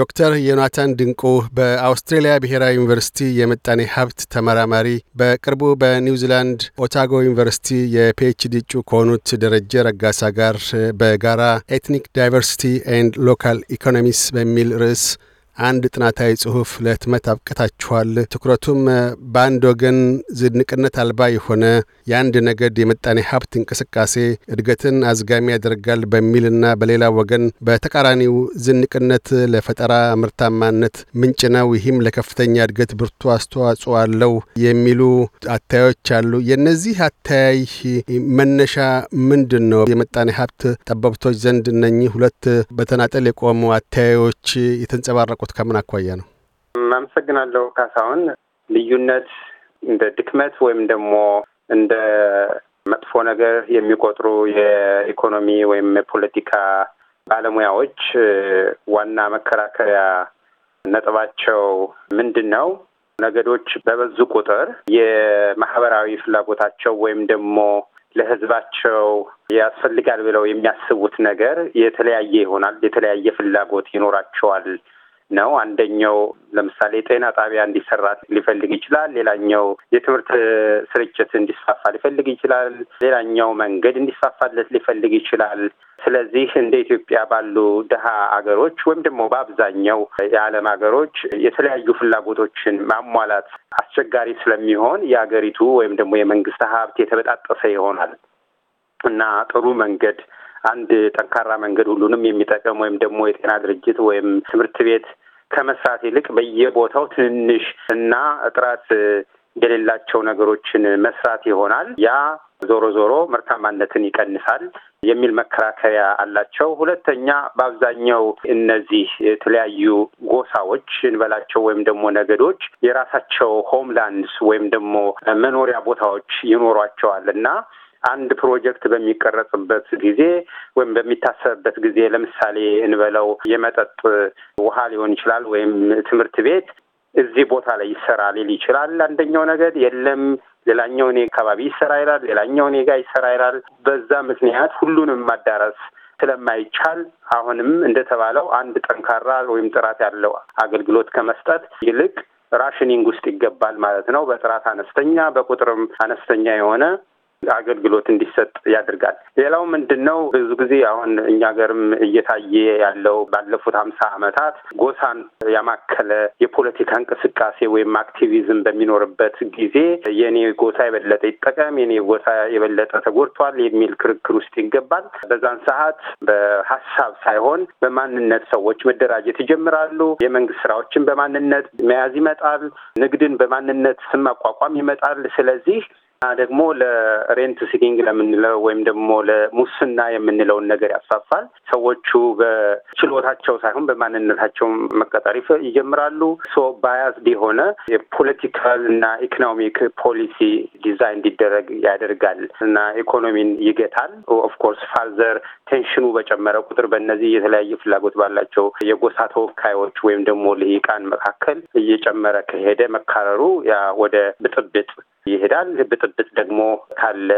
ዶክተር ዮናታን ድንቁ በአውስትሬልያ ብሔራዊ ዩኒቨርሲቲ የምጣኔ ሀብት ተመራማሪ፣ በቅርቡ በኒውዚላንድ ኦታጎ ዩኒቨርሲቲ የፒኤችዲ እጩ ከሆኑት ደረጀ ረጋሳ ጋር በጋራ ኤትኒክ ዳይቨርሲቲ ኤንድ ሎካል ኢኮኖሚስ በሚል ርዕስ አንድ ጥናታዊ ጽሑፍ ለህትመት አብቅታችኋል። ትኩረቱም በአንድ ወገን ዝንቅነት አልባ የሆነ የአንድ ነገድ የምጣኔ ሀብት እንቅስቃሴ እድገትን አዝጋሚ ያደርጋል በሚልና በሌላ ወገን በተቃራኒው ዝንቅነት ለፈጠራ ምርታማነት ምንጭ ነው፣ ይህም ለከፍተኛ እድገት ብርቱ አስተዋጽኦ አለው የሚሉ አታዮች አሉ። የእነዚህ አተያይ መነሻ ምንድን ነው? የምጣኔ ሀብት ጠበብቶች ዘንድ እነኚህ ሁለት በተናጠል የቆሙ አተያዮች የተንጸባረቁት ከምን አኳያ ነው? አመሰግናለሁ ካሳሁን። ልዩነት እንደ ድክመት ወይም ደግሞ እንደ መጥፎ ነገር የሚቆጥሩ የኢኮኖሚ ወይም የፖለቲካ ባለሙያዎች ዋና መከራከሪያ ነጥባቸው ምንድን ነው? ነገዶች በበዙ ቁጥር የማህበራዊ ፍላጎታቸው ወይም ደግሞ ለህዝባቸው ያስፈልጋል ብለው የሚያስቡት ነገር የተለያየ ይሆናል። የተለያየ ፍላጎት ይኖራቸዋል ነው። አንደኛው ለምሳሌ ጤና ጣቢያ እንዲሰራ ሊፈልግ ይችላል። ሌላኛው የትምህርት ስርጭት እንዲስፋፋ ሊፈልግ ይችላል። ሌላኛው መንገድ እንዲስፋፋለት ሊፈልግ ይችላል። ስለዚህ እንደ ኢትዮጵያ ባሉ ድሀ አገሮች ወይም ደግሞ በአብዛኛው የዓለም ሀገሮች የተለያዩ ፍላጎቶችን ማሟላት አስቸጋሪ ስለሚሆን የአገሪቱ ወይም ደግሞ የመንግስት ሀብት የተበጣጠሰ ይሆናል እና ጥሩ መንገድ አንድ ጠንካራ መንገድ ሁሉንም የሚጠቅም ወይም ደግሞ የጤና ድርጅት ወይም ትምህርት ቤት ከመስራት ይልቅ በየቦታው ትንንሽ እና ጥራት የሌላቸው ነገሮችን መስራት ይሆናል። ያ ዞሮ ዞሮ ምርታማነትን ይቀንሳል የሚል መከራከሪያ አላቸው። ሁለተኛ በአብዛኛው እነዚህ የተለያዩ ጎሳዎች እንበላቸው ወይም ደግሞ ነገዶች የራሳቸው ሆምላንድስ ወይም ደግሞ መኖሪያ ቦታዎች ይኖሯቸዋል እና አንድ ፕሮጀክት በሚቀረጽበት ጊዜ ወይም በሚታሰብበት ጊዜ ለምሳሌ እንበለው የመጠጥ ውሃ ሊሆን ይችላል ወይም ትምህርት ቤት እዚህ ቦታ ላይ ይሰራ ሊል ይችላል። አንደኛው ነገር የለም ሌላኛው እኔ አካባቢ ይሰራ ይላል፣ ሌላኛው እኔ ጋር ይሰራ ይላል። በዛ ምክንያት ሁሉንም ማዳረስ ስለማይቻል አሁንም እንደተባለው አንድ ጠንካራ ወይም ጥራት ያለው አገልግሎት ከመስጠት ይልቅ ራሽኒንግ ውስጥ ይገባል ማለት ነው። በጥራት አነስተኛ፣ በቁጥርም አነስተኛ የሆነ አገልግሎት እንዲሰጥ ያደርጋል። ሌላው ምንድን ነው ብዙ ጊዜ አሁን እኛ ሀገርም እየታየ ያለው ባለፉት ሀምሳ ዓመታት ጎሳን ያማከለ የፖለቲካ እንቅስቃሴ ወይም አክቲቪዝም በሚኖርበት ጊዜ የኔ ጎሳ የበለጠ ይጠቀም፣ የኔ ጎሳ የበለጠ ተጎድቷል የሚል ክርክር ውስጥ ይገባል። በዛን ሰዓት በሀሳብ ሳይሆን በማንነት ሰዎች መደራጀት ይጀምራሉ። የመንግስት ስራዎችን በማንነት መያዝ ይመጣል። ንግድን በማንነት ስም ማቋቋም ይመጣል። ስለዚህ ደግሞ ለሬንት ሲኪንግ ለምንለው ወይም ደግሞ ለሙስና የምንለውን ነገር ያስፋፋል። ሰዎቹ በችሎታቸው ሳይሆን በማንነታቸው መቀጠር ይጀምራሉ። ሶ ባያስድ የሆነ የፖለቲካል እና ኢኮኖሚክ ፖሊሲ ዲዛይን እንዲደረግ ያደርጋል እና ኢኮኖሚን ይገታል። ኦፍኮርስ ፋርዘር ቴንሽኑ በጨመረ ቁጥር በእነዚህ የተለያየ ፍላጎት ባላቸው የጎሳ ተወካዮች ወይም ደግሞ ልሂቃን መካከል እየጨመረ ከሄደ መካረሩ ያ ወደ ብጥብጥ ይሄዳል። ብጥብጥ ደግሞ ካለ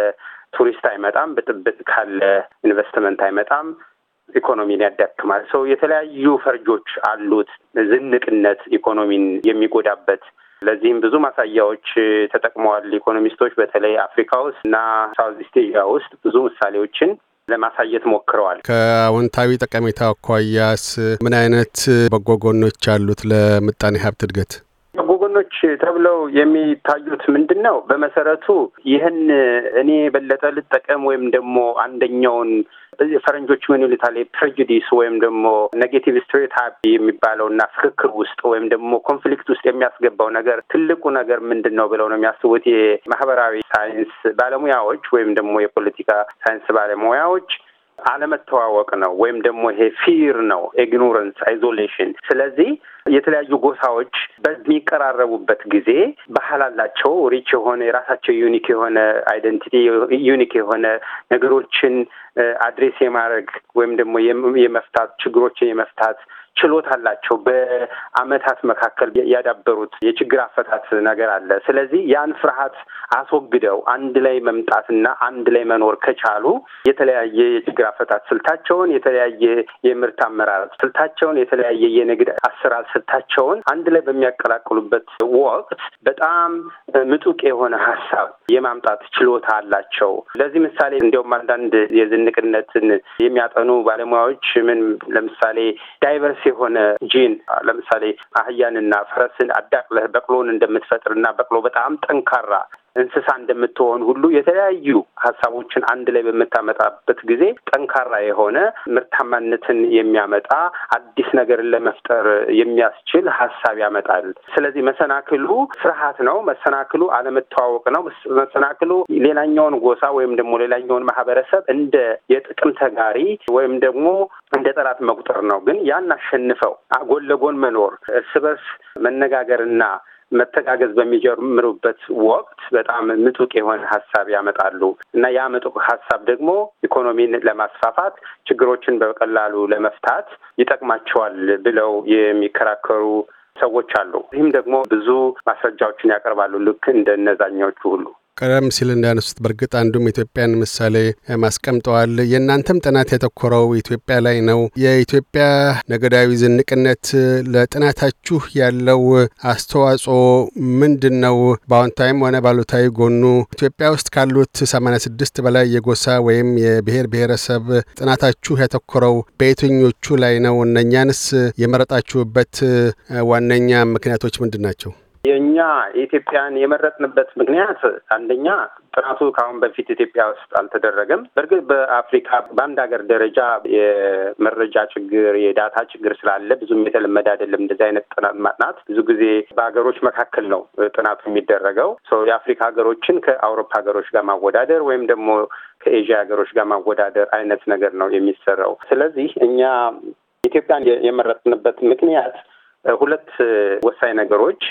ቱሪስት አይመጣም። ብጥብጥ ካለ ኢንቨስትመንት አይመጣም። ኢኮኖሚን ያዳክማል። ሰው የተለያዩ ፈርጆች አሉት። ዝንቅነት ኢኮኖሚን የሚጎዳበት ለዚህም ብዙ ማሳያዎች ተጠቅመዋል ኢኮኖሚስቶች በተለይ አፍሪካ ውስጥ እና ሳውዝኢስት ኤዥያ ውስጥ ብዙ ምሳሌዎችን ለማሳየት ሞክረዋል። ከአዎንታዊ ጠቀሜታ አኳያስ ምን አይነት በጎ ጎኖች አሉት ለምጣኔ ሀብት እድገት? ጎኖች ተብለው የሚታዩት ምንድን ነው? በመሰረቱ ይህን እኔ የበለጠ ልጠቀም ወይም ደግሞ አንደኛውን ፈረንጆች ምን ይሉታል ፕሬጁዲስ ወይም ደግሞ ኔጌቲቭ ስቴሪዮታይፕ የሚባለው እና ፍክክር ውስጥ ወይም ደግሞ ኮንፍሊክት ውስጥ የሚያስገባው ነገር ትልቁ ነገር ምንድን ነው ብለው ነው የሚያስቡት የማህበራዊ ሳይንስ ባለሙያዎች ወይም ደግሞ የፖለቲካ ሳይንስ ባለሙያዎች አለመተዋወቅ ነው ወይም ደግሞ ይሄ ፊር ነው፣ ኢግኖረንስ፣ አይዞሌሽን። ስለዚህ የተለያዩ ጎሳዎች በሚቀራረቡበት ጊዜ ባህል አላቸው፣ ሪች የሆነ የራሳቸው ዩኒክ የሆነ አይደንቲቲ፣ ዩኒክ የሆነ ነገሮችን አድሬስ eh, የማድረግ ወይም ደግሞ የመፍታት ችግሮችን የመፍታት ችሎታ አላቸው። በአመታት መካከል ያዳበሩት የችግር አፈታት ነገር አለ። ስለዚህ ያን ፍርሃት አስወግደው አንድ ላይ መምጣትና አንድ ላይ መኖር ከቻሉ የተለያየ የችግር አፈታት ስልታቸውን፣ የተለያየ የምርት አመራር ስልታቸውን፣ የተለያየ የንግድ አሰራር ስልታቸውን አንድ ላይ በሚያቀላቅሉበት ወቅት በጣም ምጡቅ የሆነ ሀሳብ የማምጣት ችሎታ አላቸው። ለዚህ ምሳሌ እንዲያውም አንዳንድ የዝንቅነትን የሚያጠኑ ባለሙያዎች ምን ለምሳሌ ዳይቨርስ ግልጽ የሆነ ጂን ለምሳሌ አህያንና ፈረስን አዳቅለህ በቅሎን እንደምትፈጥርና በቅሎ በጣም ጠንካራ እንስሳ እንደምትሆን ሁሉ የተለያዩ ሀሳቦችን አንድ ላይ በምታመጣበት ጊዜ ጠንካራ የሆነ ምርታማነትን የሚያመጣ አዲስ ነገርን ለመፍጠር የሚያስችል ሀሳብ ያመጣል። ስለዚህ መሰናክሉ ፍርሃት ነው። መሰናክሉ አለመተዋወቅ ነው። መሰናክሉ ሌላኛውን ጎሳ ወይም ደግሞ ሌላኛውን ማህበረሰብ እንደ የጥቅም ተጋሪ ወይም ደግሞ እንደ ጠላት መቁጠር ነው። ግን ያን አሸንፈው ጎን ለጎን መኖር እርስ በርስ መነጋገርና መተጋገዝ በሚጀምሩበት ወቅት በጣም ምጡቅ የሆነ ሀሳብ ያመጣሉ እና ያ ምጡቅ ሀሳብ ደግሞ ኢኮኖሚን ለማስፋፋት ችግሮችን በቀላሉ ለመፍታት ይጠቅማቸዋል ብለው የሚከራከሩ ሰዎች አሉ። ይህም ደግሞ ብዙ ማስረጃዎችን ያቀርባሉ ልክ እንደነዛኛዎቹ ሁሉ ቀደም ሲል እንዳነሱት በእርግጥ አንዱም ኢትዮጵያን ምሳሌ ማስቀምጠዋል። የእናንተም ጥናት ያተኮረው ኢትዮጵያ ላይ ነው። የኢትዮጵያ ነገዳዊ ዝንቅነት ለጥናታችሁ ያለው አስተዋጽኦ ምንድን ነው? በአዎንታዊም ሆነ ባሉታዊ ጎኑ ኢትዮጵያ ውስጥ ካሉት 86 በላይ የጎሳ ወይም የብሔር ብሔረሰብ ጥናታችሁ ያተኮረው በየትኞቹ ላይ ነው? እነኛንስ የመረጣችሁበት ዋነኛ ምክንያቶች ምንድን ናቸው? የእኛ ኢትዮጵያን የመረጥንበት ምክንያት አንደኛ ጥናቱ ከአሁን በፊት ኢትዮጵያ ውስጥ አልተደረገም። በእርግጥ በአፍሪካ በአንድ ሀገር ደረጃ የመረጃ ችግር የዳታ ችግር ስላለ ብዙም የተለመደ አይደለም። እንደዚህ አይነት ጥናት ማጥናት ብዙ ጊዜ በሀገሮች መካከል ነው ጥናቱ የሚደረገው። የአፍሪካ ሀገሮችን ከአውሮፓ ሀገሮች ጋር ማወዳደር ወይም ደግሞ ከኤዥያ ሀገሮች ጋር ማወዳደር አይነት ነገር ነው የሚሰራው። ስለዚህ እኛ ኢትዮጵያን የመረጥንበት ምክንያት ሁለት ወሳኝ ነገሮች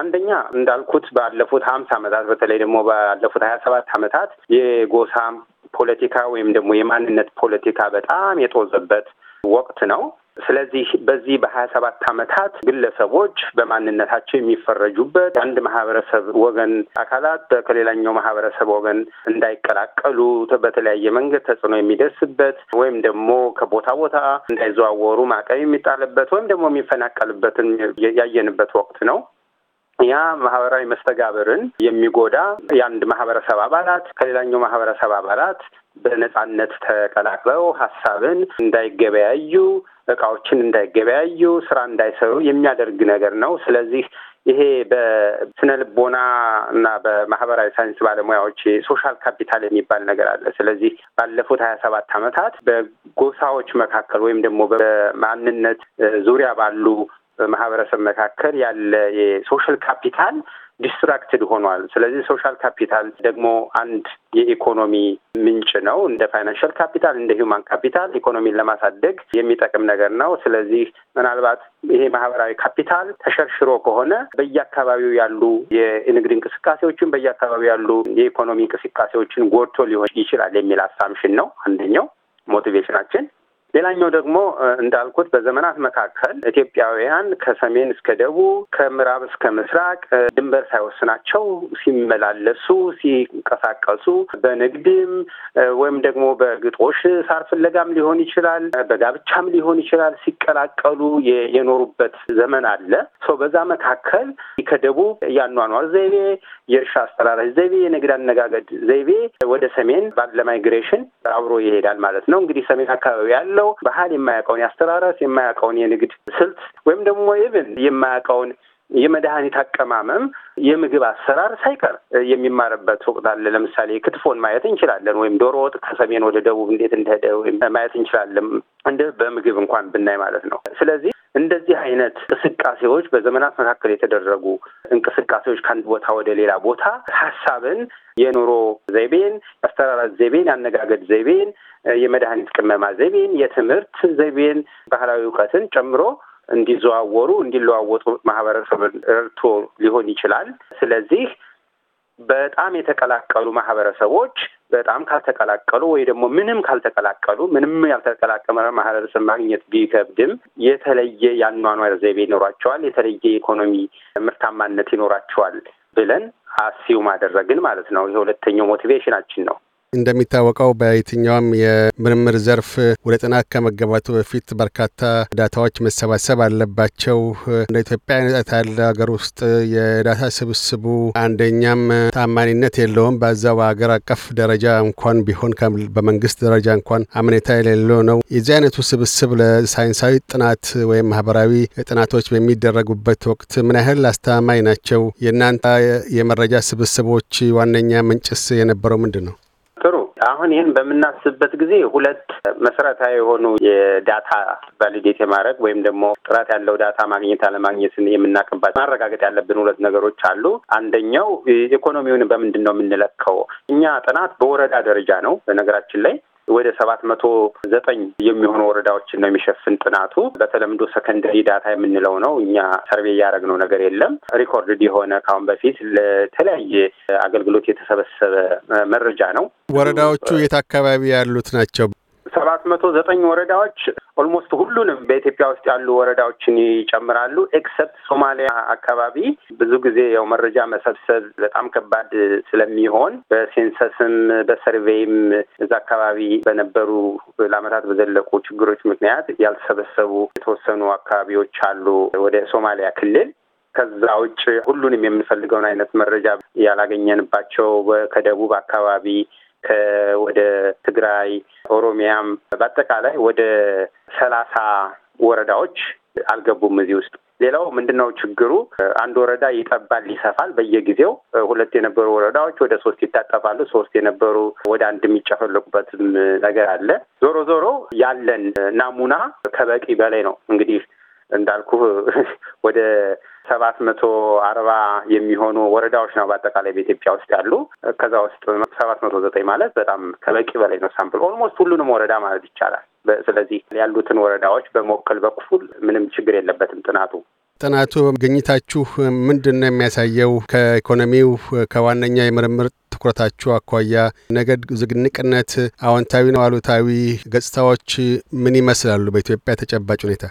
አንደኛ እንዳልኩት ባለፉት ሀምሳ ዓመታት በተለይ ደግሞ ባለፉት ሀያ ሰባት ዓመታት የጎሳም ፖለቲካ ወይም ደግሞ የማንነት ፖለቲካ በጣም የጦዘበት ወቅት ነው። ስለዚህ በዚህ በሀያ ሰባት ዓመታት ግለሰቦች በማንነታቸው የሚፈረጁበት አንድ ማህበረሰብ ወገን አካላት ከሌላኛው ማህበረሰብ ወገን እንዳይቀላቀሉ በተለያየ መንገድ ተጽዕኖ የሚደርስበት ወይም ደግሞ ከቦታ ቦታ እንዳይዘዋወሩ ማዕቀብ የሚጣልበት ወይም ደግሞ የሚፈናቀልበትን ያየንበት ወቅት ነው። ያ ማህበራዊ መስተጋብርን የሚጎዳ የአንድ ማህበረሰብ አባላት ከሌላኛው ማህበረሰብ አባላት በነጻነት ተቀላቅለው ሀሳብን እንዳይገበያዩ፣ እቃዎችን እንዳይገበያዩ፣ ስራ እንዳይሰሩ የሚያደርግ ነገር ነው። ስለዚህ ይሄ በስነ ልቦና እና በማህበራዊ ሳይንስ ባለሙያዎች ሶሻል ካፒታል የሚባል ነገር አለ። ስለዚህ ባለፉት ሀያ ሰባት ዓመታት በጎሳዎች መካከል ወይም ደግሞ በማንነት ዙሪያ ባሉ በማህበረሰብ መካከል ያለ የሶሻል ካፒታል ዲስትራክትድ ሆኗል። ስለዚህ ሶሻል ካፒታል ደግሞ አንድ የኢኮኖሚ ምንጭ ነው። እንደ ፋይናንሻል ካፒታል፣ እንደ ሂውማን ካፒታል ኢኮኖሚን ለማሳደግ የሚጠቅም ነገር ነው። ስለዚህ ምናልባት ይሄ ማህበራዊ ካፒታል ተሸርሽሮ ከሆነ በየአካባቢው ያሉ የንግድ እንቅስቃሴዎችን በየአካባቢው ያሉ የኢኮኖሚ እንቅስቃሴዎችን ጎድቶ ሊሆን ይችላል የሚል አሳምሽን ነው አንደኛው ሞቲቬሽናችን። ሌላኛው ደግሞ እንዳልኩት በዘመናት መካከል ኢትዮጵያውያን ከሰሜን እስከ ደቡብ ከምዕራብ እስከ ምስራቅ ድንበር ሳይወስናቸው ሲመላለሱ ሲንቀሳቀሱ በንግድም ወይም ደግሞ በግጦሽ ሳር ፍለጋም ሊሆን ይችላል፣ በጋብቻም ሊሆን ይችላል ሲቀላቀሉ የኖሩበት ዘመን አለ። በዛ መካከል ከደቡብ የአኗኗር ዘይቤ፣ የእርሻ አስተራራሽ ዘይቤ፣ የንግድ አነጋገድ ዘይቤ ወደ ሰሜን ባለ ማይግሬሽን አብሮ ይሄዳል ማለት ነው። እንግዲህ ሰሜን አካባቢ ያለው ሰው ባህል የማያውቀውን የአስተራረስ የማያውቀውን የንግድ ስልት ወይም ደግሞ ኢቭን የማያውቀውን የመድኃኒት አቀማመም የምግብ አሰራር ሳይቀር የሚማርበት ወቅት አለ። ለምሳሌ ክትፎን ማየት እንችላለን፣ ወይም ዶሮ ወጥ ከሰሜን ወደ ደቡብ እንዴት እንደሄደ ወይም ማየት እንችላለን። እንደ በምግብ እንኳን ብናይ ማለት ነው። ስለዚህ እንደዚህ አይነት እንቅስቃሴዎች በዘመናት መካከል የተደረጉ እንቅስቃሴዎች ከአንድ ቦታ ወደ ሌላ ቦታ ሀሳብን፣ የኑሮ ዘይቤን፣ የአስተራራት ዘይቤን፣ የአነጋገድ ዘይቤን፣ የመድኃኒት ቅመማ ዘይቤን፣ የትምህርት ዘይቤን፣ ባህላዊ እውቀትን ጨምሮ እንዲዘዋወሩ እንዲለዋወጡ ማህበረሰብን ረድቶ ሊሆን ይችላል። ስለዚህ በጣም የተቀላቀሉ ማህበረሰቦች በጣም ካልተቀላቀሉ ወይ ደግሞ ምንም ካልተቀላቀሉ ምንም ያልተቀላቀመ ማህበረሰብ ማግኘት ቢከብድም የተለየ የአኗኗር ዘይቤ ይኖራቸዋል፣ የተለየ የኢኮኖሚ ምርታማነት ይኖራቸዋል ብለን አስዩ ማደረግን ማለት ነው። የሁለተኛው ሞቲቬሽናችን ነው። እንደሚታወቀው በየትኛውም የምርምር ዘርፍ ወደ ጥናት ከመገባቱ በፊት በርካታ ዳታዎች መሰባሰብ አለባቸው። እንደ ኢትዮጵያ አይነት ያለ ሀገር ውስጥ የዳታ ስብስቡ አንደኛም ታማኒነት የለውም። በዛው በሀገር አቀፍ ደረጃ እንኳን ቢሆን በመንግስት ደረጃ እንኳን አምኔታ የሌለው ነው። የዚህ አይነቱ ስብስብ ለሳይንሳዊ ጥናት ወይም ማህበራዊ ጥናቶች በሚደረጉበት ወቅት ምን ያህል አስተማማኝ ናቸው? የእናንተ የመረጃ ስብስቦች ዋነኛ ምንጭስ የነበረው ምንድን ነው? አሁን ይህን በምናስብበት ጊዜ ሁለት መሰረታዊ የሆኑ የዳታ ቫሊዴት የማድረግ ወይም ደግሞ ጥራት ያለው ዳታ ማግኘት አለማግኘትን የምናቅባቸው ማረጋገጥ ያለብን ሁለት ነገሮች አሉ። አንደኛው ኢኮኖሚውን በምንድን ነው የምንለካው? እኛ ጥናት በወረዳ ደረጃ ነው በነገራችን ላይ ወደ ሰባት መቶ ዘጠኝ የሚሆኑ ወረዳዎችን ነው የሚሸፍን ጥናቱ። በተለምዶ ሰከንደሪ ዳታ የምንለው ነው። እኛ ሰርቬ ያደረግነው ነገር የለም። ሪኮርድ የሆነ ካሁን በፊት ለተለያየ አገልግሎት የተሰበሰበ መረጃ ነው። ወረዳዎቹ የት አካባቢ ያሉት ናቸው? ሰባት መቶ ዘጠኝ ወረዳዎች ኦልሞስት ሁሉንም በኢትዮጵያ ውስጥ ያሉ ወረዳዎችን ይጨምራሉ። ኤክሰፕት ሶማሊያ አካባቢ ብዙ ጊዜ ያው መረጃ መሰብሰብ በጣም ከባድ ስለሚሆን በሴንሰስም በሰርቬይም እዛ አካባቢ በነበሩ ለዓመታት በዘለቁ ችግሮች ምክንያት ያልተሰበሰቡ የተወሰኑ አካባቢዎች አሉ ወደ ሶማሊያ ክልል። ከዛ ውጭ ሁሉንም የምንፈልገውን አይነት መረጃ ያላገኘንባቸው ከደቡብ አካባቢ ወደ ትግራይ፣ ኦሮሚያም በአጠቃላይ ወደ ሰላሳ ወረዳዎች አልገቡም እዚህ ውስጥ። ሌላው ምንድነው ችግሩ? አንድ ወረዳ ይጠባል፣ ይሰፋል በየጊዜው። ሁለት የነበሩ ወረዳዎች ወደ ሶስት ይታጠፋሉ፣ ሶስት የነበሩ ወደ አንድ የሚጨፈለቁበትም ነገር አለ። ዞሮ ዞሮ ያለን ናሙና ከበቂ በላይ ነው። እንግዲህ እንዳልኩ ወደ ሰባት መቶ አርባ የሚሆኑ ወረዳዎች ነው በአጠቃላይ በኢትዮጵያ ውስጥ ያሉ። ከዛ ውስጥ ሰባት መቶ ዘጠኝ ማለት በጣም ከበቂ በላይ ነው ሳምፕል ኦልሞስት ሁሉንም ወረዳ ማለት ይቻላል። ስለዚህ ያሉትን ወረዳዎች በመወከል በኩል ምንም ችግር የለበትም ጥናቱ። ጥናቱ ግኝታችሁ ምንድን ነው የሚያሳየው? ከኢኮኖሚው ከዋነኛ የምርምር ትኩረታችሁ አኳያ ነገድ ዝግንቅነት አዎንታዊ ነው አሉታዊ ገጽታዎች ምን ይመስላሉ በኢትዮጵያ ተጨባጭ ሁኔታ?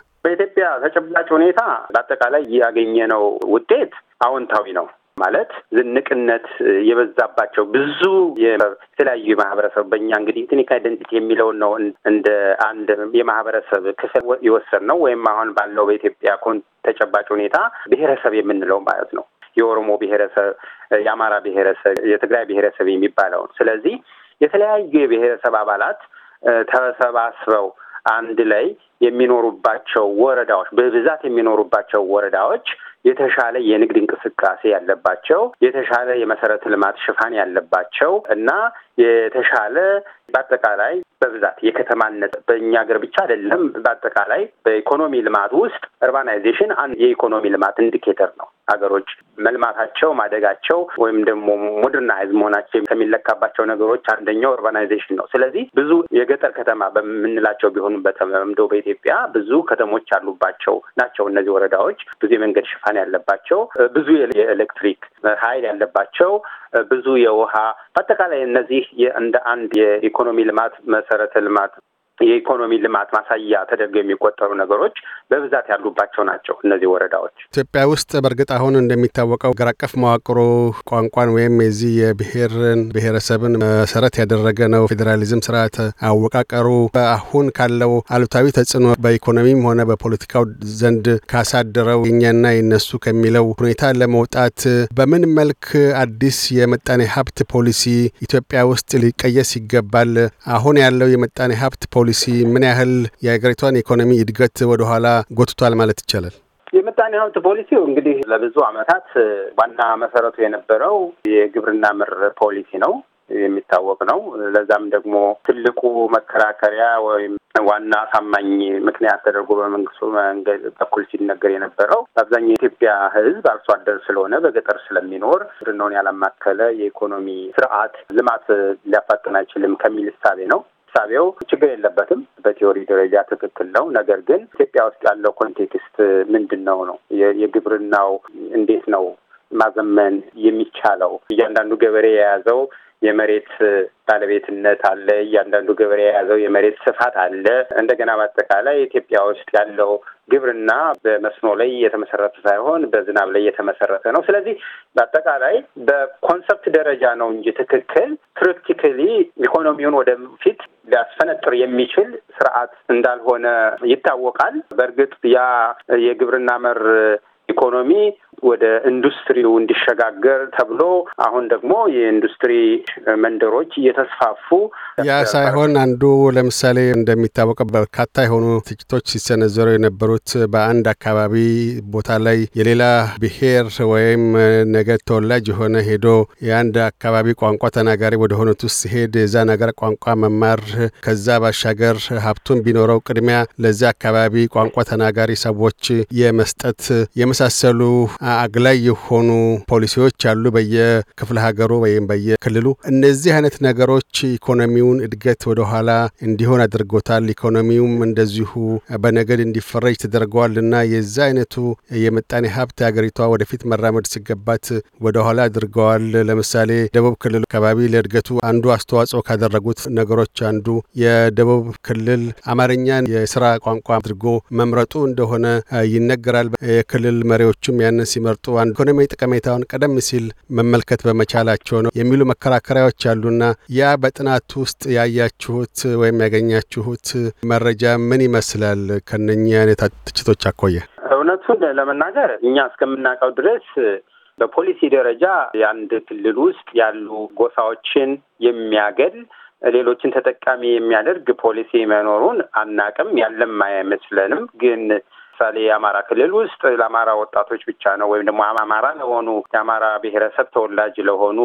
የኢትዮጵያ ተጨባጭ ሁኔታ በአጠቃላይ ያገኘነው ውጤት አዎንታዊ ነው። ማለት ዝንቅነት የበዛባቸው ብዙ የተለያዩ የማህበረሰብ በእኛ እንግዲህ ኢትኒክ አይደንቲቲ የሚለውን ነው እንደ አንድ የማህበረሰብ ክፍል ነው ወይም አሁን ባለው በኢትዮጵያ ኮን ተጨባጭ ሁኔታ ብሔረሰብ የምንለው ማለት ነው። የኦሮሞ ብሔረሰብ፣ የአማራ ብሔረሰብ፣ የትግራይ ብሔረሰብ የሚባለውን ስለዚህ የተለያዩ የብሔረሰብ አባላት ተሰባስበው አንድ ላይ የሚኖሩባቸው ወረዳዎች በብዛት የሚኖሩባቸው ወረዳዎች የተሻለ የንግድ እንቅስቃሴ ያለባቸው የተሻለ የመሰረተ ልማት ሽፋን ያለባቸው እና የተሻለ በአጠቃላይ በብዛት የከተማነት በእኛ ሀገር ብቻ አይደለም። በአጠቃላይ በኢኮኖሚ ልማት ውስጥ እርባናይዜሽን አንድ የኢኮኖሚ ልማት ኢንዲኬተር ነው። ሀገሮች መልማታቸው፣ ማደጋቸው ወይም ደግሞ ሞደርናይዝ መሆናቸው ከሚለካባቸው ነገሮች አንደኛው ኦርባናይዜሽን ነው። ስለዚህ ብዙ የገጠር ከተማ በምንላቸው ቢሆኑ በተለምዶ በኢትዮጵያ ብዙ ከተሞች ያሉባቸው ናቸው። እነዚህ ወረዳዎች ብዙ የመንገድ ሽፋን ያለባቸው፣ ብዙ የኤሌክትሪክ ኃይል ያለባቸው ብዙ የውሃ በአጠቃላይ እነዚህ እንደ አንድ የኢኮኖሚ ልማት መሰረተ ልማት የኢኮኖሚ ልማት ማሳያ ተደርገው የሚቆጠሩ ነገሮች በብዛት ያሉባቸው ናቸው እነዚህ ወረዳዎች ኢትዮጵያ ውስጥ። በእርግጥ አሁን እንደሚታወቀው አገር አቀፍ መዋቅሩ ቋንቋን ወይም የዚህ የብሔርን ብሔረሰብን መሰረት ያደረገ ነው። ፌዴራሊዝም ስርዓት አወቃቀሩ አሁን ካለው አሉታዊ ተጽዕኖ በኢኮኖሚም ሆነ በፖለቲካው ዘንድ ካሳደረው የኛና የነሱ ከሚለው ሁኔታ ለመውጣት በምን መልክ አዲስ የመጣኔ ሀብት ፖሊሲ ኢትዮጵያ ውስጥ ሊቀየስ ይገባል? አሁን ያለው የመጣኔ ሀብት ፖሊሲ ምን ያህል የሀገሪቷን ኢኮኖሚ እድገት ወደኋላ ጎትቷል ማለት ይቻላል? የምጣኔ ሀብት ፖሊሲው እንግዲህ ለብዙ ዓመታት ዋና መሰረቱ የነበረው የግብርና ምር ፖሊሲ ነው የሚታወቅ ነው። ለዛም ደግሞ ትልቁ መከራከሪያ ወይም ዋና አሳማኝ ምክንያት ተደርጎ በመንግስቱ መንገድ በኩል ሲነገር የነበረው በአብዛኛው የኢትዮጵያ ሕዝብ አርሶ አደር ስለሆነ በገጠር ስለሚኖር ግብርናውን ያላማከለ የኢኮኖሚ ስርዓት ልማት ሊያፋጥን አይችልም ከሚል እሳቤ ነው። እሳቤው ችግር የለበትም። በቲዎሪ ደረጃ ትክክል ነው። ነገር ግን ኢትዮጵያ ውስጥ ያለው ኮንቴክስት ምንድን ነው ነው የግብርናው እንዴት ነው ማዘመን የሚቻለው እያንዳንዱ ገበሬ የያዘው የመሬት ባለቤትነት አለ። እያንዳንዱ ገበሬ የያዘው የመሬት ስፋት አለ። እንደገና በአጠቃላይ ኢትዮጵያ ውስጥ ያለው ግብርና በመስኖ ላይ የተመሰረተ ሳይሆን በዝናብ ላይ የተመሰረተ ነው። ስለዚህ በአጠቃላይ በኮንሰፕት ደረጃ ነው እንጂ ትክክል ፕራክቲካሊ ኢኮኖሚውን ወደፊት ሊያስፈነጥር የሚችል ስርዓት እንዳልሆነ ይታወቃል። በእርግጥ ያ የግብርና መር ኢኮኖሚ ወደ ኢንዱስትሪው እንዲሸጋገር ተብሎ አሁን ደግሞ የኢንዱስትሪ መንደሮች እየተስፋፉ ያ ሳይሆን አንዱ ለምሳሌ እንደሚታወቀው በርካታ የሆኑ ትችቶች ሲሰነዘሩ የነበሩት በአንድ አካባቢ ቦታ ላይ የሌላ ብሔር ወይም ነገድ ተወላጅ የሆነ ሄዶ የአንድ አካባቢ ቋንቋ ተናጋሪ ወደ ሆኑት ውስጥ ሲሄድ የዛ ነገር ቋንቋ መማር ከዛ ባሻገር ሀብቱን ቢኖረው ቅድሚያ ለዚያ አካባቢ ቋንቋ ተናጋሪ ሰዎች የመስጠት የመሳሰሉ አግላይ የሆኑ ፖሊሲዎች አሉ በየክፍለ ሀገሩ ወይም በየክልሉ። እነዚህ አይነት ነገሮች ኢኮኖሚውን እድገት ወደኋላ እንዲሆን አድርጎታል። ኢኮኖሚውም እንደዚሁ በነገድ እንዲፈረጅ ተደርገዋል እና የዚ አይነቱ የምጣኔ ሀብት ሀገሪቷ ወደፊት መራመድ ሲገባት ወደኋላ አድርገዋል። ለምሳሌ ደቡብ ክልል አካባቢ ለእድገቱ አንዱ አስተዋጽኦ ካደረጉት ነገሮች አንዱ የደቡብ ክልል አማርኛን የስራ ቋንቋ አድርጎ መምረጡ እንደሆነ ይነገራል። የክልል መሪዎችም ያንን ሲመርጡ ኢኮኖሚያዊ ጠቀሜታውን ቀደም ሲል መመልከት በመቻላቸው ነው የሚሉ መከራከሪያዎች አሉና ያ በጥናቱ ውስጥ ያያችሁት ወይም ያገኛችሁት መረጃ ምን ይመስላል? ከነኚህ አይነት ትችቶች አኳያ እውነቱን ለመናገር እኛ እስከምናውቀው ድረስ በፖሊሲ ደረጃ የአንድ ክልል ውስጥ ያሉ ጎሳዎችን የሚያገል ሌሎችን ተጠቃሚ የሚያደርግ ፖሊሲ መኖሩን አናቅም፣ ያለም አይመስለንም። ግን ለምሳሌ የአማራ ክልል ውስጥ ለአማራ ወጣቶች ብቻ ነው ወይም ደግሞ አማራ ለሆኑ የአማራ ብሔረሰብ ተወላጅ ለሆኑ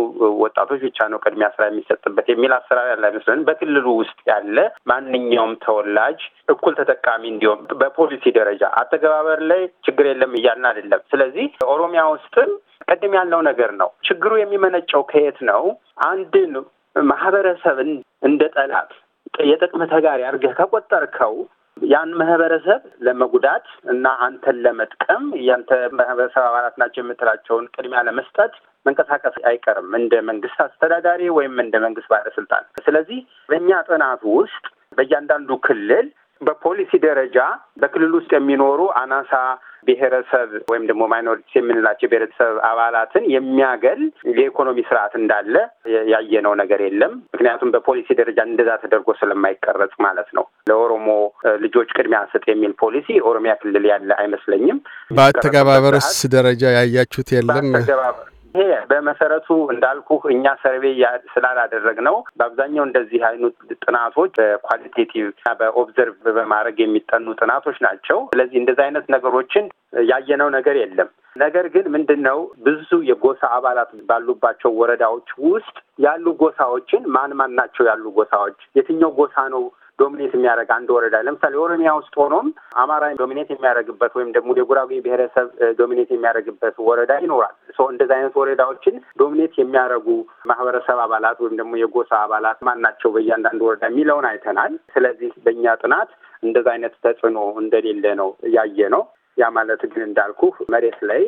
ወጣቶች ብቻ ነው ቅድሚያ ስራ የሚሰጥበት የሚል አሰራር ያለ አይመስለን። በክልሉ ውስጥ ያለ ማንኛውም ተወላጅ እኩል ተጠቃሚ እንዲሆን በፖሊሲ ደረጃ አተገባበር ላይ ችግር የለም እያልን አይደለም። ስለዚህ ኦሮሚያ ውስጥም ቅድም ያለው ነገር ነው። ችግሩ የሚመነጨው ከየት ነው? አንድን ማህበረሰብን እንደ ጠላት የጥቅም ተጋሪ አድርገህ ከቆጠርከው ያን ማህበረሰብ ለመጉዳት እና አንተን ለመጥቀም ያንተ ማህበረሰብ አባላት ናቸው የምትላቸውን ቅድሚያ ለመስጠት መንቀሳቀስ አይቀርም እንደ መንግስት አስተዳዳሪ ወይም እንደ መንግስት ባለስልጣን። ስለዚህ በእኛ ጥናት ውስጥ በእያንዳንዱ ክልል በፖሊሲ ደረጃ በክልል ውስጥ የሚኖሩ አናሳ ብሔረሰብ ወይም ደግሞ ማይኖሪቲ የምንላቸው ብሔረሰብ አባላትን የሚያገል የኢኮኖሚ ስርዓት እንዳለ ያየነው ነገር የለም። ምክንያቱም በፖሊሲ ደረጃ እንደዛ ተደርጎ ስለማይቀረጽ ማለት ነው። ለኦሮሞ ልጆች ቅድሚያ አንስጥ የሚል ፖሊሲ ኦሮሚያ ክልል ያለ አይመስለኝም። በአተገባበርስ ደረጃ ያያችሁት የለም። ይሄ በመሰረቱ እንዳልኩ እኛ ሰርቬ ስላላደረግ ነው። በአብዛኛው እንደዚህ አይነት ጥናቶች በኳሊቴቲቭ እና በኦብዘርቭ በማድረግ የሚጠኑ ጥናቶች ናቸው። ስለዚህ እንደዚህ አይነት ነገሮችን ያየነው ነገር የለም። ነገር ግን ምንድን ነው ብዙ የጎሳ አባላት ባሉባቸው ወረዳዎች ውስጥ ያሉ ጎሳዎችን ማን ማን ናቸው ያሉ ጎሳዎች የትኛው ጎሳ ነው ዶሚኔት የሚያደርግ አንድ ወረዳ ለምሳሌ ኦሮሚያ ውስጥ ሆኖም አማራ ዶሚኔት የሚያደርግበት ወይም ደግሞ የጉራጌ ብሔረሰብ ዶሚኔት የሚያደርግበት ወረዳ ይኖራል። እንደዚ አይነት ወረዳዎችን ዶሚኔት የሚያደርጉ ማህበረሰብ አባላት ወይም ደግሞ የጎሳ አባላት ማን ናቸው በእያንዳንዱ ወረዳ የሚለውን አይተናል። ስለዚህ በእኛ ጥናት እንደዚ አይነት ተጽዕኖ እንደሌለ ነው ያየ ነው። ያ ማለት ግን እንዳልኩ መሬት ላይ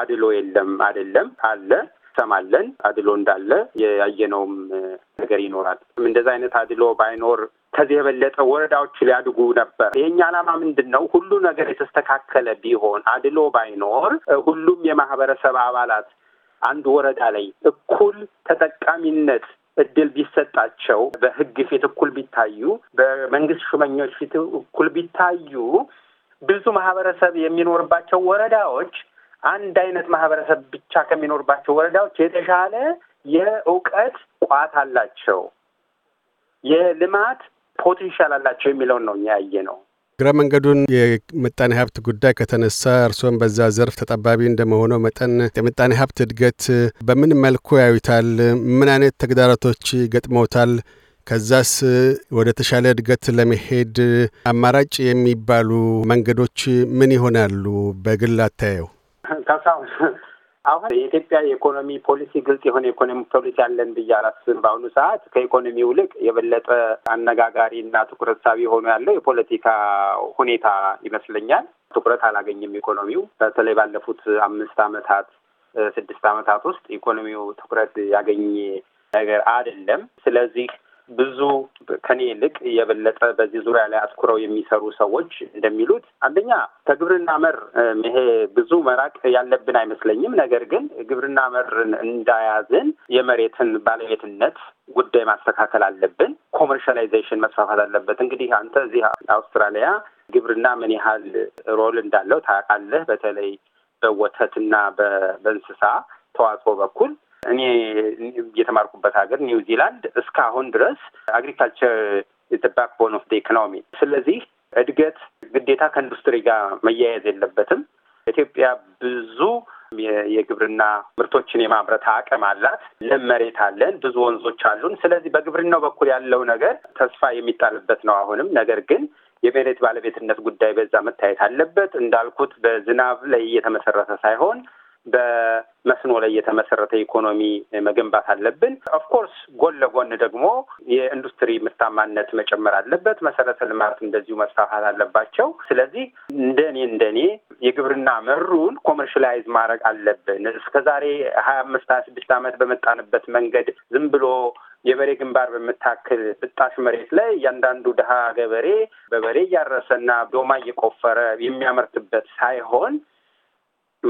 አድሎ የለም አይደለም አለ ሰማለን አድሎ እንዳለ ያየነውም ነገር ይኖራል። እንደዚ አይነት አድሎ ባይኖር ከዚህ የበለጠ ወረዳዎች ሊያድጉ ነበር። የኛ ዓላማ ምንድን ነው? ሁሉ ነገር የተስተካከለ ቢሆን አድሎ ባይኖር ሁሉም የማህበረሰብ አባላት አንድ ወረዳ ላይ እኩል ተጠቃሚነት እድል ቢሰጣቸው፣ በህግ ፊት እኩል ቢታዩ፣ በመንግስት ሹመኞች ፊት እኩል ቢታዩ ብዙ ማህበረሰብ የሚኖርባቸው ወረዳዎች አንድ አይነት ማህበረሰብ ብቻ ከሚኖርባቸው ወረዳዎች የተሻለ የእውቀት ቋት አላቸው። የልማት ፖቴንሻል አላቸው የሚለውን ነው እኛ ያየ ነው። እግረ መንገዱን የምጣኔ ሀብት ጉዳይ ከተነሳ እርስዎም በዛ ዘርፍ ተጠባቢ እንደመሆነው መጠን የምጣኔ ሀብት እድገት በምን መልኩ ያዩታል? ምን አይነት ተግዳሮቶች ገጥመውታል? ከዛስ ወደ ተሻለ እድገት ለመሄድ አማራጭ የሚባሉ መንገዶች ምን ይሆናሉ? በግል አታየው ካሳሁን አሁን የኢትዮጵያ የኢኮኖሚ ፖሊሲ ግልጽ የሆነ የኢኮኖሚ ፖሊሲ አለን ብዬ አላስብም። በአሁኑ ሰዓት ከኢኮኖሚ ውልቅ የበለጠ አነጋጋሪ እና ትኩረት ሳቢ ሆኖ ያለው የፖለቲካ ሁኔታ ይመስለኛል። ትኩረት አላገኘም ኢኮኖሚው በተለይ ባለፉት አምስት ዓመታት ስድስት ዓመታት ውስጥ ኢኮኖሚው ትኩረት ያገኘ ነገር አይደለም። ስለዚህ ብዙ ከኔ ይልቅ የበለጠ በዚህ ዙሪያ ላይ አትኩረው የሚሰሩ ሰዎች እንደሚሉት አንደኛ ከግብርና መር ይሄ ብዙ መራቅ ያለብን አይመስለኝም። ነገር ግን ግብርና መርን እንዳያዝን የመሬትን ባለቤትነት ጉዳይ ማስተካከል አለብን። ኮመርሻላይዜሽን መስፋፋት አለበት። እንግዲህ አንተ እዚህ አውስትራሊያ ግብርና ምን ያህል ሮል እንዳለው ታውቃለህ። በተለይ በወተትና በእንስሳ ተዋጽኦ በኩል እኔ የተማርኩበት ሀገር ኒውዚላንድ እስካሁን ድረስ አግሪካልቸር ባክቦን ኦፍ ኢኮኖሚ። ስለዚህ እድገት ግዴታ ከኢንዱስትሪ ጋር መያያዝ የለበትም። ኢትዮጵያ ብዙ የግብርና ምርቶችን የማምረት አቅም አላት። ለም መሬት አለን፣ ብዙ ወንዞች አሉን። ስለዚህ በግብርናው በኩል ያለው ነገር ተስፋ የሚጣልበት ነው አሁንም። ነገር ግን የመሬት ባለቤትነት ጉዳይ በዛ መታየት አለበት። እንዳልኩት በዝናብ ላይ እየተመሰረተ ሳይሆን በመስኖ ላይ የተመሰረተ ኢኮኖሚ መገንባት አለብን። ኦፍኮርስ ጎን ለጎን ደግሞ የኢንዱስትሪ ምርታማነት መጨመር አለበት። መሰረተ ልማት እንደዚሁ መስፋፋት አለባቸው። ስለዚህ እንደኔ እንደኔ የግብርና መሩን ኮመርሽላይዝ ማድረግ አለብን። ዛሬ ሀያ አምስት ሀያ ስድስት ዓመት በመጣንበት መንገድ ዝም ብሎ የበሬ ግንባር በምታክል ብጣሽ መሬት ላይ እያንዳንዱ ድሃ ገበሬ በበሬ እያረሰና ዶማ እየቆፈረ የሚያመርትበት ሳይሆን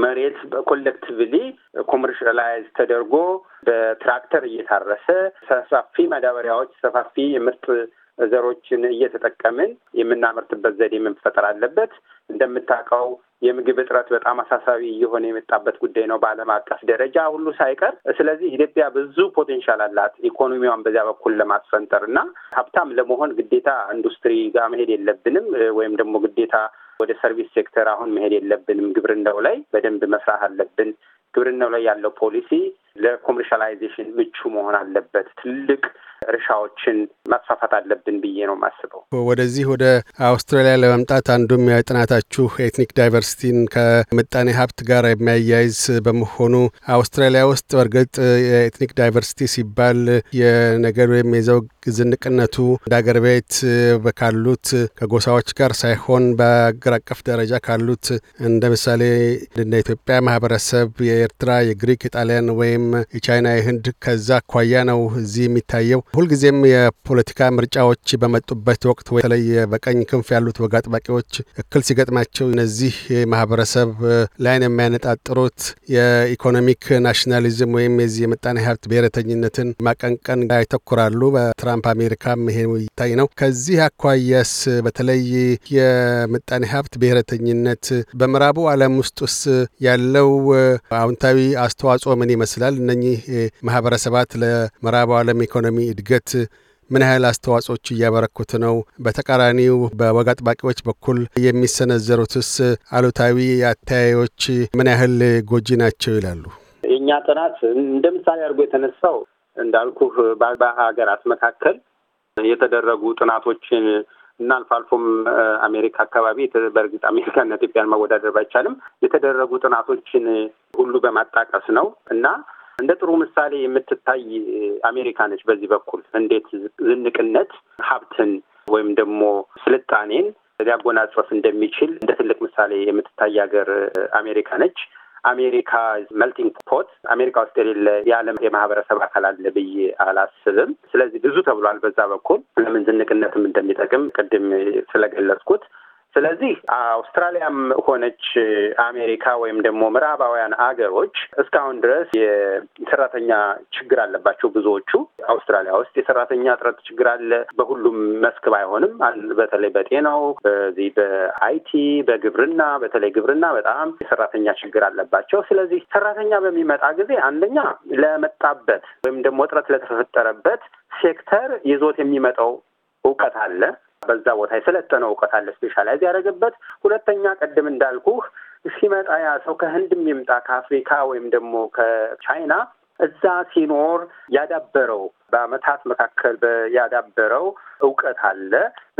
መሬት ኮሌክቲቭሊ ኮመርሻላይዝ ተደርጎ በትራክተር እየታረሰ ሰፋፊ ማዳበሪያዎች፣ ሰፋፊ የምርት ዘሮችን እየተጠቀምን የምናመርትበት ዘዴ መፈጠር አለበት። እንደምታውቀው የምግብ እጥረት በጣም አሳሳቢ እየሆነ የመጣበት ጉዳይ ነው፣ በዓለም አቀፍ ደረጃ ሁሉ ሳይቀር። ስለዚህ ኢትዮጵያ ብዙ ፖቴንሻል አላት ኢኮኖሚዋን በዚያ በኩል ለማስፈንጠር እና ሀብታም ለመሆን ግዴታ ኢንዱስትሪ ጋር መሄድ የለብንም ወይም ደግሞ ግዴታ ወደ ሰርቪስ ሴክተር አሁን መሄድ የለብንም፣ ግብርናው ላይ በደንብ መስራት አለብን። ግብርናው ላይ ያለው ፖሊሲ ለኮሜርሻላይዜሽን ምቹ መሆን አለበት። ትልቅ እርሻዎችን ማስፋፋት አለብን ብዬ ነው የማስበው። ወደዚህ ወደ አውስትራሊያ ለመምጣት አንዱም የጥናታችሁ ኤትኒክ ዳይቨርሲቲን ከምጣኔ ሀብት ጋር የሚያያይዝ በመሆኑ አውስትራሊያ ውስጥ በእርግጥ የኤትኒክ ዳይቨርሲቲ ሲባል የነገድ ወይም የዘውግ ዝንቅነቱ እንደ አገር ቤት ካሉት ከጎሳዎች ጋር ሳይሆን በአገር አቀፍ ደረጃ ካሉት እንደ ምሳሌ እንደ ኢትዮጵያ ማህበረሰብ የኤርትራ፣ የግሪክ፣ የጣሊያን ወይም የቻይና፣ የህንድ ከዛ አኳያ ነው እዚህ የሚታየው። ሁልጊዜም የፖለቲካ ምርጫዎች በመጡበት ወቅት በተለይ በቀኝ ክንፍ ያሉት ወግ አጥባቂዎች እክል ሲገጥማቸው እነዚህ ማህበረሰብ ላይን የሚያነጣጥሩት የኢኮኖሚክ ናሽናሊዝም ወይም የዚህ የምጣኔ ሀብት ብሔረተኝነትን ማቀንቀን ያተኩራሉ። በትራ ትራምፕ አሜሪካም ይሄ ይታይ ነው። ከዚህ አኳያስ በተለይ የምጣኔ ሀብት ብሔረተኝነት በምዕራቡ ዓለም ውስጥስ ያለው አዎንታዊ አስተዋጽኦ ምን ይመስላል? እነኚህ ማህበረሰባት ለምዕራቡ ዓለም ኢኮኖሚ እድገት ምን ያህል አስተዋጽኦች እያበረኩት ነው? በተቃራኒው በወግ አጥባቂዎች በኩል የሚሰነዘሩትስ አሉታዊ አተያዮች ምን ያህል ጎጂ ናቸው ይላሉ። የእኛ ጥናት እንደ ምሳሌ አድርጎ የተነሳው እንዳልኩህ በሀገራት መካከል የተደረጉ ጥናቶችን እና አልፎ አልፎም አሜሪካ አካባቢ በእርግጥ አሜሪካና ኢትዮጵያን ማወዳደር ባይቻልም የተደረጉ ጥናቶችን ሁሉ በማጣቀስ ነው እና እንደ ጥሩ ምሳሌ የምትታይ አሜሪካ ነች። በዚህ በኩል እንዴት ዝንቅነት ሀብትን ወይም ደግሞ ስልጣኔን ሊያጎናጽፍ እንደሚችል እንደ ትልቅ ምሳሌ የምትታይ ሀገር አሜሪካ ነች። አሜሪካ መልቲንግ ፖት አሜሪካ ውስጥ የሌለ የዓለም የማህበረሰብ አካል አለ ብዬ አላስብም። ስለዚህ ብዙ ተብሏል በዛ በኩል ለምን ዝንቅነትም እንደሚጠቅም ቅድም ስለገለጽኩት ስለዚህ አውስትራሊያም ሆነች አሜሪካ ወይም ደግሞ ምዕራባውያን አገሮች እስካሁን ድረስ የሰራተኛ ችግር አለባቸው። ብዙዎቹ አውስትራሊያ ውስጥ የሰራተኛ እጥረት ችግር አለ። በሁሉም መስክ ባይሆንም በተለይ በጤናው፣ በዚህ በአይቲ፣ በግብርና በተለይ ግብርና በጣም የሰራተኛ ችግር አለባቸው። ስለዚህ ሰራተኛ በሚመጣ ጊዜ አንደኛ ለመጣበት ወይም ደግሞ እጥረት ለተፈጠረበት ሴክተር ይዞት የሚመጣው እውቀት አለ በዛ ቦታ የሰለጠነው እውቀት አለ ስፔሻላይዝ ያደረገበት። ሁለተኛ ቅድም እንዳልኩህ ሲመጣ ያ ሰው ከህንድም ይምጣ ከአፍሪካ ወይም ደግሞ ከቻይና እዛ ሲኖር ያዳበረው በአመታት መካከል ያዳበረው እውቀት አለ።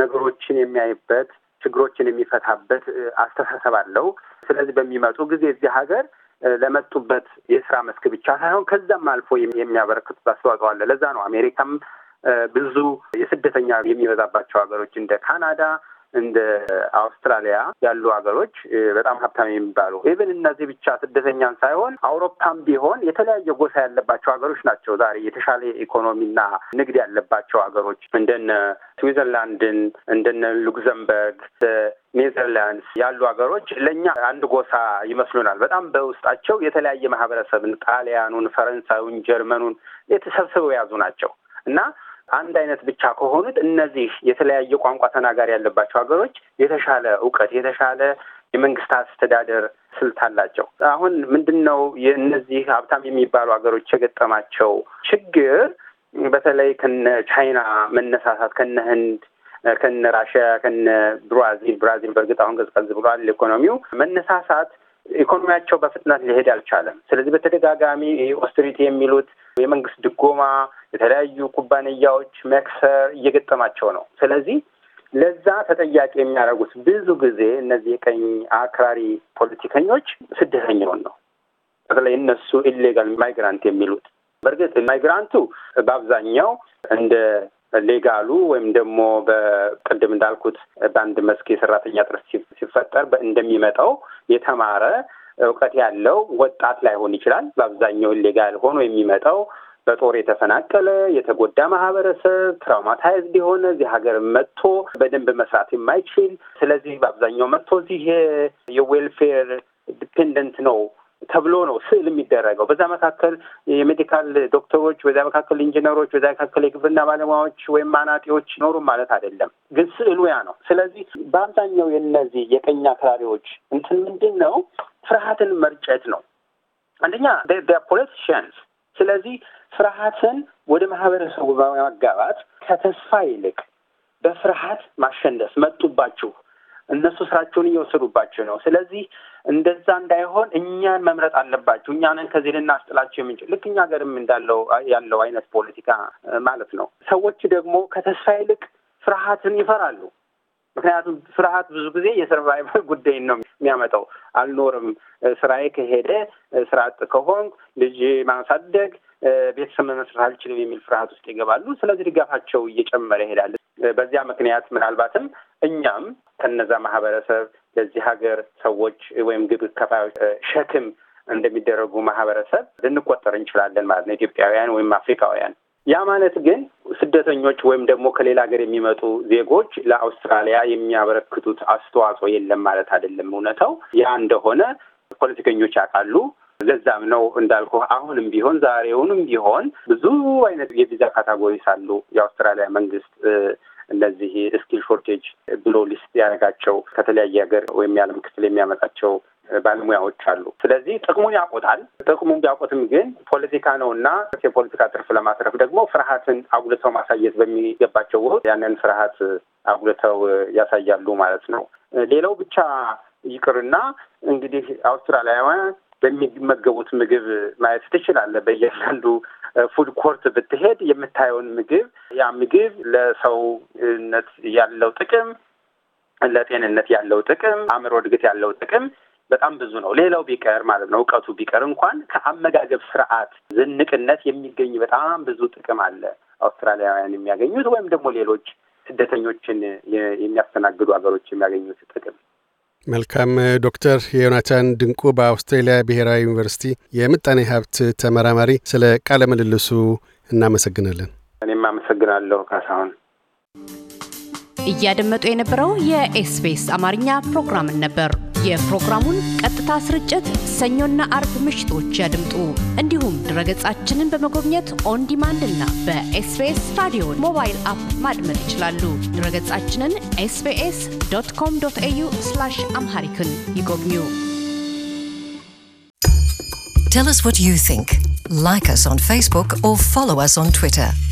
ነገሮችን የሚያይበት ችግሮችን የሚፈታበት አስተሳሰብ አለው። ስለዚህ በሚመጡ ጊዜ እዚህ ሀገር ለመጡበት የስራ መስክ ብቻ ሳይሆን ከዛም አልፎ የሚያበረክቱት አስተዋጽኦ አለ። ለዛ ነው አሜሪካም ብዙ የስደተኛ የሚበዛባቸው ሀገሮች እንደ ካናዳ እንደ አውስትራሊያ ያሉ ሀገሮች በጣም ሀብታም የሚባሉ ኢቨን እነዚህ ብቻ ስደተኛን ሳይሆን አውሮፓም ቢሆን የተለያየ ጎሳ ያለባቸው ሀገሮች ናቸው። ዛሬ የተሻለ ኢኮኖሚና ንግድ ያለባቸው ሀገሮች እንደነ ስዊዘርላንድን እንደነ ሉክዘምበርግ ኔዘርላንድስ ያሉ ሀገሮች ለእኛ አንድ ጎሳ ይመስሉናል። በጣም በውስጣቸው የተለያየ ማህበረሰብን ጣሊያኑን፣ ፈረንሳዩን፣ ጀርመኑን የተሰብስበው የያዙ ናቸው እና አንድ አይነት ብቻ ከሆኑት እነዚህ የተለያየ ቋንቋ ተናጋሪ ያለባቸው ሀገሮች የተሻለ እውቀት የተሻለ የመንግስት አስተዳደር ስልት አላቸው። አሁን ምንድን ነው የእነዚህ ሀብታም የሚባሉ ሀገሮች የገጠማቸው ችግር በተለይ ከነ ቻይና መነሳሳት ከነ ህንድ ከነ ራሽያ ከነ ብራዚል ብራዚል በእርግጥ አሁን ቀዝቀዝ ብሏል ኢኮኖሚው መነሳሳት ኢኮኖሚያቸው በፍጥነት ሊሄድ አልቻለም። ስለዚህ በተደጋጋሚ ኦስትሪቲ የሚሉት የመንግስት ድጎማ የተለያዩ ኩባንያዎች መክሰር እየገጠማቸው ነው። ስለዚህ ለዛ ተጠያቂ የሚያደርጉት ብዙ ጊዜ እነዚህ የቀኝ አክራሪ ፖለቲከኞች ስደተኛውን ነው። በተለይ እነሱ ኢሌጋል ማይግራንት የሚሉት በእርግጥ ማይግራንቱ በአብዛኛው እንደ ሌጋሉ ወይም ደግሞ በቅድም እንዳልኩት በአንድ መስክ የሰራተኛ ጥረት ሲፈጠር እንደሚመጣው የተማረ እውቀት ያለው ወጣት ላይሆን ይችላል። በአብዛኛው ኢሌጋል ሆኖ የሚመጣው በጦር የተፈናቀለ የተጎዳ ማህበረሰብ ትራውማታይዝድ የሆነ እዚህ ሀገር መጥቶ በደንብ መስራት የማይችል ስለዚህ በአብዛኛው መጥቶ እዚህ የዌልፌር ዲፔንደንት ነው ተብሎ ነው ስዕል የሚደረገው። በዛ መካከል የሜዲካል ዶክተሮች፣ በዛ መካከል ኢንጂነሮች፣ በዛ መካከል የግብርና ባለሙያዎች ወይም አናጢዎች ኖሩም ማለት አይደለም። ግን ስዕሉ ያ ነው። ስለዚህ በአብዛኛው የነዚህ የቀኝ አክራሪዎች እንትን ምንድን ነው? ፍርሃትን መርጨት ነው። አንደኛ ፖለቲሽንስ ስለዚህ ፍርሃትን ወደ ማህበረሰቡ በማጋባት ከተስፋ ይልቅ በፍርሃት ማሸነፍ መጡባችሁ፣ እነሱ ስራቸውን እየወሰዱባቸው ነው። ስለዚህ እንደዛ እንዳይሆን እኛን መምረጥ አለባቸው እኛንን ከዚህ ልናስጥላቸው የምንችል ልክ እኛ እንዳለው ያለው አይነት ፖለቲካ ማለት ነው። ሰዎች ደግሞ ከተስፋ ይልቅ ፍርሃትን ይፈራሉ። ምክንያቱም ፍርሃት ብዙ ጊዜ የሰርቫይቨር ጉዳይን ነው የሚያመጣው። አልኖርም፣ ስራዬ ከሄደ፣ ስራ አጥ ከሆንኩ፣ ልጅ ማሳደግ፣ ቤተሰብ መመስረት አልችልም የሚል ፍርሃት ውስጥ ይገባሉ። ስለዚህ ድጋፋቸው እየጨመረ ይሄዳል። በዚያ ምክንያት ምናልባትም እኛም ከነዛ ማህበረሰብ ለዚህ ሀገር ሰዎች ወይም ግብ ከፋዮች ሸክም እንደሚደረጉ ማህበረሰብ ልንቆጠር እንችላለን ማለት ነው። ኢትዮጵያውያን ወይም አፍሪካውያን ያ ማለት ግን ስደተኞች ወይም ደግሞ ከሌላ ሀገር የሚመጡ ዜጎች ለአውስትራሊያ የሚያበረክቱት አስተዋጽኦ የለም ማለት አይደለም። እውነተው ያ እንደሆነ ፖለቲከኞች ያውቃሉ። ለዛም ነው እንዳልኩ አሁንም ቢሆን ዛሬውንም ቢሆን ብዙ አይነት የቪዛ ካታጎሪስ አሉ። የአውስትራሊያ መንግስት እነዚህ ስኪል ሾርቴጅ ብሎ ሊስት ያደረጋቸው ከተለያየ ሀገር ወይም የዓለም ክፍል የሚያመጣቸው ባለሙያዎች አሉ። ስለዚህ ጥቅሙን ያውቁታል። ጥቅሙን ቢያውቁትም ግን ፖለቲካ ነው እና የፖለቲካ ትርፍ ለማትረፍ ደግሞ ፍርሃትን አጉልተው ማሳየት በሚገባቸው ወቅት ያንን ፍርሃት አጉልተው ያሳያሉ ማለት ነው። ሌላው ብቻ ይቅርና እንግዲህ አውስትራሊያውያን በሚመገቡት ምግብ ማየት ትችላለህ። በእያንዳንዱ ፉድ ኮርት ብትሄድ የምታየውን ምግብ ያ ምግብ ለሰውነት ያለው ጥቅም፣ ለጤንነት ያለው ጥቅም፣ አእምሮ እድገት ያለው ጥቅም በጣም ብዙ ነው። ሌላው ቢቀር ማለት ነው እውቀቱ ቢቀር እንኳን ከአመጋገብ ስርዓት ዝንቅነት የሚገኝ በጣም ብዙ ጥቅም አለ አውስትራሊያውያን የሚያገኙት ወይም ደግሞ ሌሎች ስደተኞችን የሚያስተናግዱ ሀገሮች የሚያገኙት ጥቅም። መልካም ዶክተር ዮናታን ድንቁ በአውስትሬሊያ ብሔራዊ ዩኒቨርሲቲ የምጣኔ ሀብት ተመራማሪ፣ ስለ ቃለ ምልልሱ እናመሰግናለን። እኔም አመሰግናለሁ ካሳሁን። እያደመጡ የነበረው የኤስቢኤስ አማርኛ ፕሮግራምን ነበር። የፕሮግራሙን ቀጥታ ስርጭት ሰኞና አርብ ምሽቶች ያድምጡ። እንዲሁም ድረገጻችንን በመጎብኘት ኦን ዲማንድ እና በኤስቤስ ራዲዮ ሞባይል አፕ ማድመጥ ይችላሉ። ድረገጻችንን ኤስቤስ ዶት ኮም ዶት ኤዩ አምሃሪክን ይጎብኙ። Tell us what you think. Like us on Facebook or follow us on